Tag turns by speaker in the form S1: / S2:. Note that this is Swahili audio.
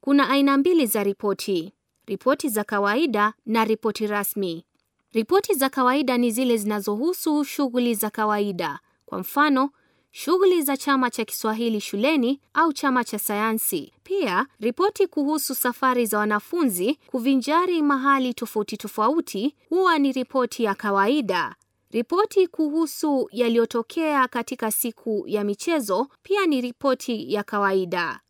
S1: Kuna aina mbili za ripoti: ripoti za kawaida na ripoti rasmi. Ripoti za kawaida ni zile zinazohusu shughuli za kawaida, kwa mfano, shughuli za Chama cha Kiswahili shuleni au Chama cha Sayansi. Pia ripoti kuhusu safari za wanafunzi kuvinjari mahali tofauti tofauti huwa ni ripoti ya kawaida. Ripoti kuhusu yaliyotokea katika siku ya michezo pia ni ripoti ya kawaida.